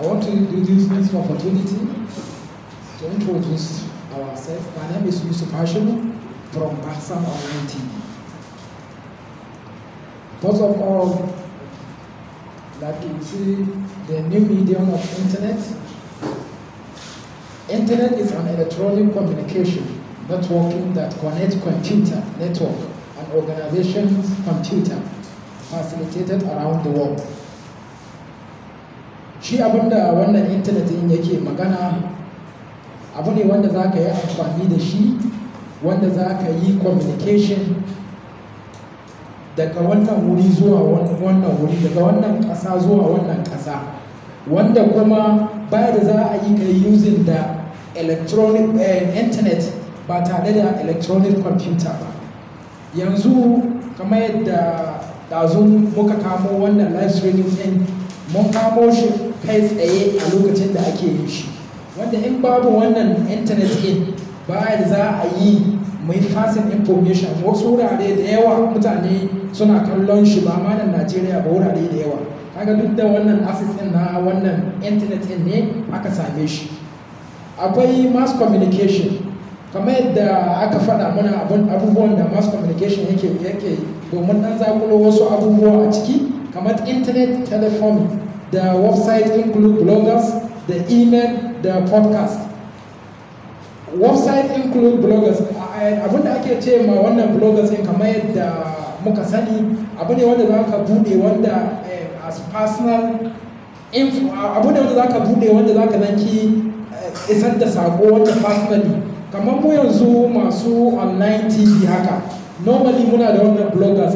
I want to use this opportunity to introduce ourselves. My name is Yusuf Hashim from Bahsan Online TV. First of all, like you see, the new medium of internet. Internet is an electronic communication networking that connects computer network and organizations computer facilitated around the world. shi abinda wannan intanet din yake magana abu ne wanda za ka yi amfani da shi wanda za ka yi communication daga wannan wuri zuwa wannan wuri daga wannan ƙasa zuwa wannan ƙasa wanda kuma baya da za a yi ka yi using da electronic eh, internet ba tare da electronic computer ba yanzu kamar yadda ɗazu muka kamo wannan live streaming din mun kamo shi kai tsaye a lokacin da ake yin shi wanda in babu wannan intanet in baya da za a yi mai fasin information wasu wurare da yawa mutane suna kallon shi ba ma nan najeriya ba wurare da yawa kaga duk da wannan access din na wannan internet din ne aka same shi akwai mass communication kamar yadda aka faɗa mana abubuwan da mass communication yake yake domin ɗan zakulo wasu abubuwa a ciki kamar internet telephone Their website include bloggers, the email, the podcast. Website include bloggers. Abin da ake ce ma wannan bloggers in kamar yadda muka sani abu ne wanda za ka bude wanda eh, as personal abu ne wanda za ka bude wanda za ka zanki eh, isar da sako wanda personally kamar mu yanzu masu online tv haka normally muna da wannan bloggers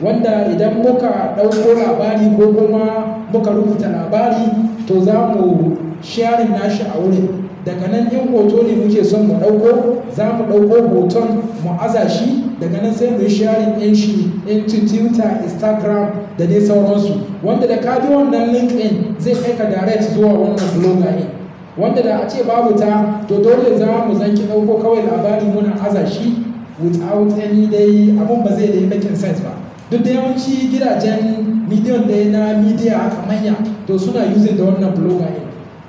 wanda idan muka ɗauko labari ko kuma muka rubuta labari to za mu sharing nashi a wurin daga nan in hoto ne muke son mu ɗauko za mu ɗauko hoton mu azashi. daga nan sai mu yi sharing ɗin shi into twitter instagram da dai sauransu wanda da kaji wannan link ɗin zai kai ka direct zuwa wannan blogger ɗin wanda da a ce babu ta to dole za mu zanki ɗauko kawai labari muna azashi. shi without any dai abun ba zai da yi making sense ba duk da yawanci gidajen midiyon da na midiya a manya to suna yuzin da wannan blogger ne.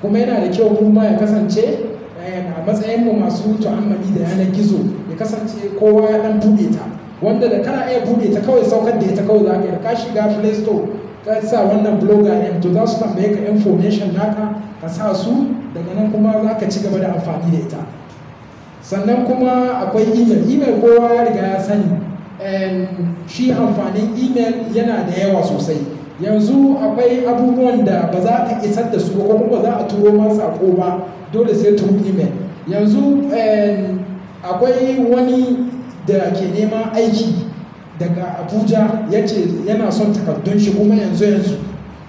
kuma yana da kyau kuma ya kasance eh, a matsayin mu masu tu'ammali da yanar gizo ya kasance kowa ya dan buɗe ta wanda da kana iya buɗe ta kawai saukar da ita kawai za ka ka shiga play store ka sa wannan blogger ɗin to za su tambaye ka information naka ka sa su daga nan kuma za ka ci gaba da amfani da ita sannan kuma akwai email email kowa ya riga ya sani shi amfanin email yana da yawa sosai yanzu akwai abubuwan da ba za ka isar da su ko kuma ba za a turo ma sako ba dole sai turu email yanzu akwai wani da ke nema aiki daga abuja ya ce yana son takardun shi kuma yanzu yanzu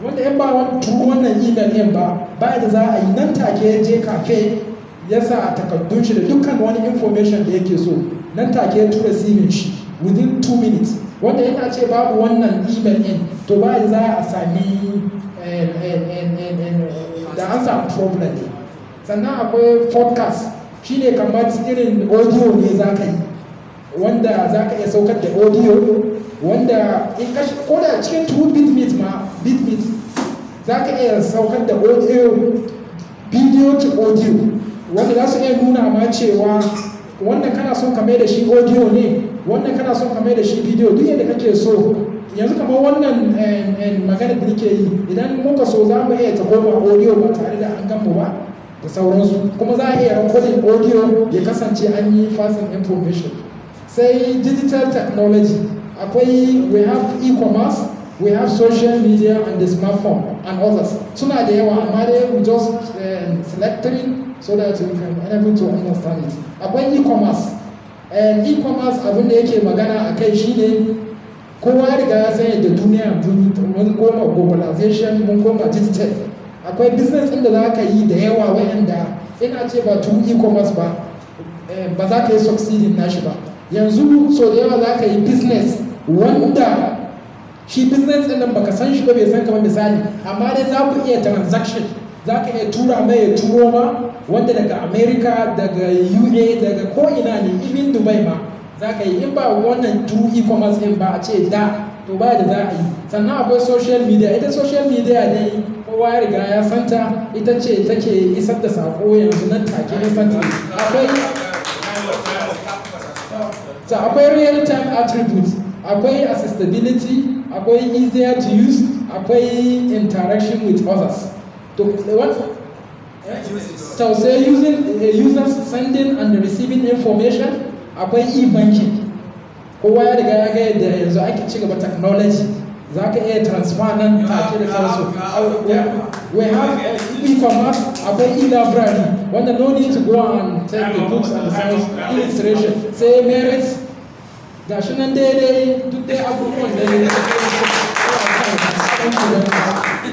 wanda yan ba turu wannan email yin ba ba da za a yi nan take ya je kafe ya sa takardun shi da dukkan wani information da yake so nan take ya tura simin shi within two minutes wanda yana ce babu wannan email in to ba za a sami eh, eh, eh, da an samu problem ne sannan akwai podcast shi ne kamar irin audio ne za ka yi wanda za ka iya saukar da audio wanda in ka ko da cikin two bit meet ma bit meet za ka iya saukar da audio video to audio wanda za su iya nuna ma cewa wannan kana son ka mai da shi audio ne wannan kana son ka mai da shi bidiyo duk yadda kake so yanzu kamar wannan eh, eh, magana da nake yi idan muka so za mu iya ta ba audio ba tare da an gama ba da sauransu kuma za a iya recording audio ya kasance an yi fasin information sai digital technology akwai we have e-commerce we have social media and the smartphone and others suna da yawa amma dai we just uh, so that we can enable to understand it akwai e-commerce Eh, e-commerce abin da yake magana a kai shine kowa riga ya san yadda duniya mun koma globalization mun koma digital akwai business ɗin da za ka yi da yawa wayanda ina ce ba tun e-commerce ba eh, ba za ka yi succeeding nashi ba yanzu so da yawa za ka yi business wanda shi business ɗin nan baka san shi ba bai san kamar misali amma dai za ku iya transaction za ka iya tura mai ya turo ma wanda daga Amerika daga ua daga ko ina ne ibin dubai ba za ka yi in ba wannan turu e-commerce in ba a ce da to ba da za a yi sannan akwai social media ita social media ne kowa ya riga ya santa ita ce take isar da sako yanzu nan take infantry akwai akwai real time attributes akwai accessibility akwai easier to use akwai interaction with others the what? Eh? So say using uh, users sending and receiving information akwai e-banking kowa ya riga ya ga yadda yanzu ake ci gaba technology za ka iya transfer nan take da sauransu we have e-commerce akwai e-library wanda no need to go and take the books and the science illustration sai merit gashi nan daidai duk dai abubuwan da ya yi